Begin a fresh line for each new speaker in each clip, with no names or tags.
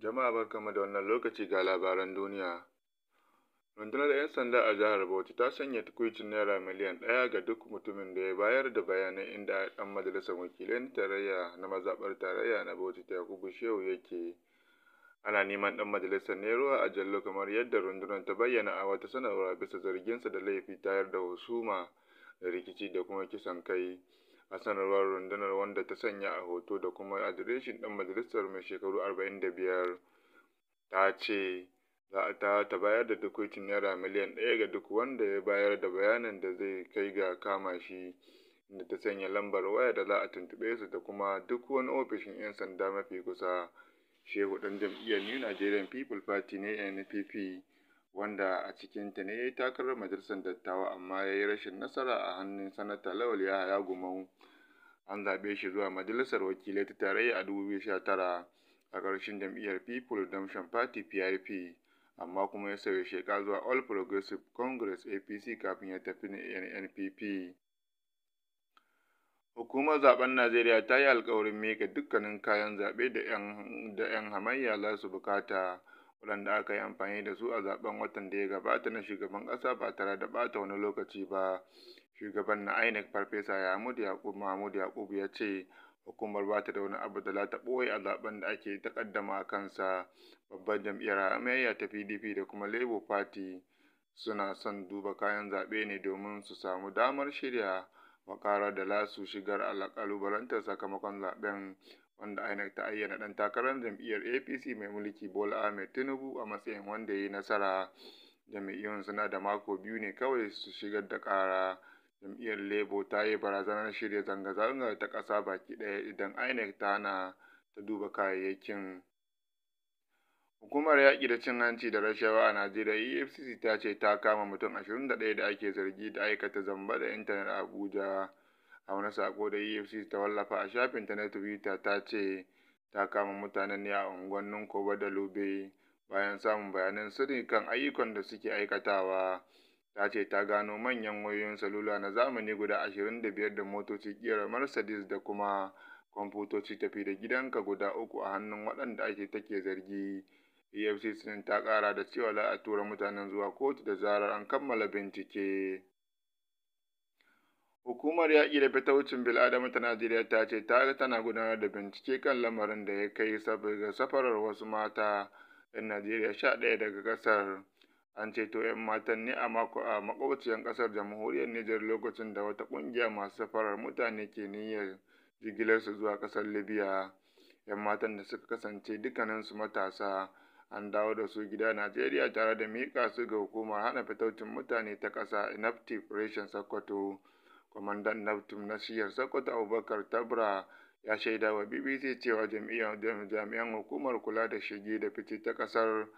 Jama'a barkanmu da wannan lokaci ga labaran duniya. Rundunar 'yan sanda a jihar Bauchi ta sanya tukuicin naira miliyan ɗaya ga duk mutumin da ya bayar da bayanan inda ɗan majalisar wakilan tarayya na mazaɓar tarayya na Bauchi Yakubu Shehu yake. Ana neman ɗan majalisar ne ruwa a jallo kamar yadda rundunar ta bayyana a wata sanarwa bisa zarginsa da laifi tayar da husuma da rikici da kuma kisan kai. a sanarwar rundunar wanda ta sanya a hoto da kuma adireshin ɗan majalisar mai shekaru 45 ta ce ta ta bayar da tukwicin naira miliyan ɗaya ga duk wanda ya bayar da bayanin da zai kai ga kama shi inda ta sanya lambar waya da za a tuntuɓe su da kuma duk wani ofishin 'yan sanda mafi kusa shehu ɗan jam'iyyar new nigerian people party ne npp wanda a cikinta ne ya yi takarar majalisar dattawa amma ya yi rashin nasara a hannun sanata Lawal Yahaya Gumau. An zaɓe shi zuwa majalisar wakilai ta tarayya a 2019 a ƙarshen jam'iyyar People Redemption Party PRP amma kuma ya sauya sheka zuwa All Progressive Congress APC kafin ya tafi NNPP. Hukumar zaben Najeriya ta yi alkawarin mika dukkanin kayan zaɓe da 'yan hamayya za su bukata. waɗanda aka yi amfani da su a zaben watan da ya gabata na shugaban ƙasa ba tare da ɓata wani lokaci ba. Shugaban na INEC Farfesa Yahmud Yakubu Mahmud Yakubu ya ce hukumar ba ta da wani abu da za ta ɓoye a zaben da ake takaddama a kansa. Babban jam'iyyar hamayya ta PDP da kuma Labour Party suna son duba kayan zaɓe ne domin su samu damar shirya makara da su Shigar a sakamakon zaɓen wanda INEC ta ayyana dan takarar jam'iyyar APC mai mulki Bola Ahmed Tinubu a matsayin wanda ya yi nasara. Jam'iyyun suna da mako biyu ne kawai su shigar da kara Jam'iyyar Labour ta yi barazanar shirya zanga-zanga ta ƙasa baki ɗaya idan INEC ta na ta duba kayayyakin. Hukumar Yaƙi da Cin Hanci da Rashawa a Najeriya EFCC ta ce ta kama mutum 21 da ake zargi da aikata zamba da intanet a Abuja, a wani saƙo da EFCC ta wallafa a shafinta na Twitter ta ce ta kama mutanen ne a unguwannin Cabo da Lube bayan samun bayanan sirri kan ayyukan da suke aikatawa, ta ce ta gano manyan wayoyin salula na zamani guda 25 da motoci ƙirar Mercedes da kuma kwamfutoci tafi-da-gidanka guda uku a hannun waɗanda take zargi. EFCC ɗin ta ƙara da cewa za a tura mutanen zuwa kotu da zarar an kammala bincike. Hukumar Yaƙi da wucin Bil'adama ta Najeriya ta ce ta tana gudanar da bincike kan lamarin da ya kai saboda safarar wasu mata 'yan Najeriya sha ɗaya daga ƙasar. An ceto 'yan matan ne a makwabciyar ƙasar jamhuriyar Nijar lokacin da wata ƙungiya masu safarar mutane ke niyyar jigilar su zuwa ƙasar Libya. 'Yan matan da suka kasance dukkaninsu matasa an dawo da su gida Najeriya tare da miƙa su ga hukumar hana fitaucin mutane ta ƙasa nafti reshen Sokoto. Kwamandan NAFTIP na shiyar Sokoto Abubakar Tabra ya shaida wa BBC cewa jami'an hukumar kula da shige da fice ta ƙasar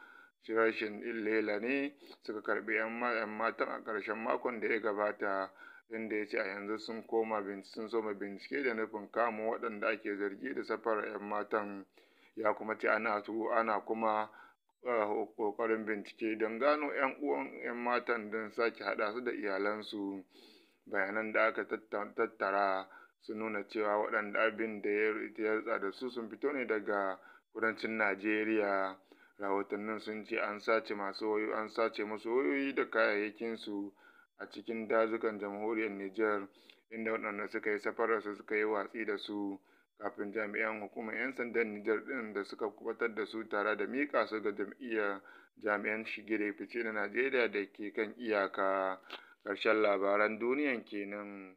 rashin illela ne suka karɓi 'yan matan a ƙarshen makon da ya gabata. inda ya ce a yanzu sun koma sun soma bincike da nufin kamun waɗanda ake zargi da safarar 'yan matan. ya kuma ce ana ana kuma eh, ƙoƙarin bincike don gano 'yan uwan 'yan matan don sake haɗa su da iyalansu bayanan da aka tattara sun nuna cewa waɗanda abin da ya yatsa da su sun fito ne daga kudancin najeriya rahotannin sun ce an sace masu an sace masu wayoyi da kayayyakin su a cikin dazukan jamhuriyar niger inda waɗanda suka yi safararsu suka yi watsi da su kafin jami'an Hukumar ‘Yan Sandan Nijar ɗin da suka kubatar da su tare da miƙa su ga jami'an shige da fice na Najeriya da ke kan iyaka. karshen labaran duniyan kenan.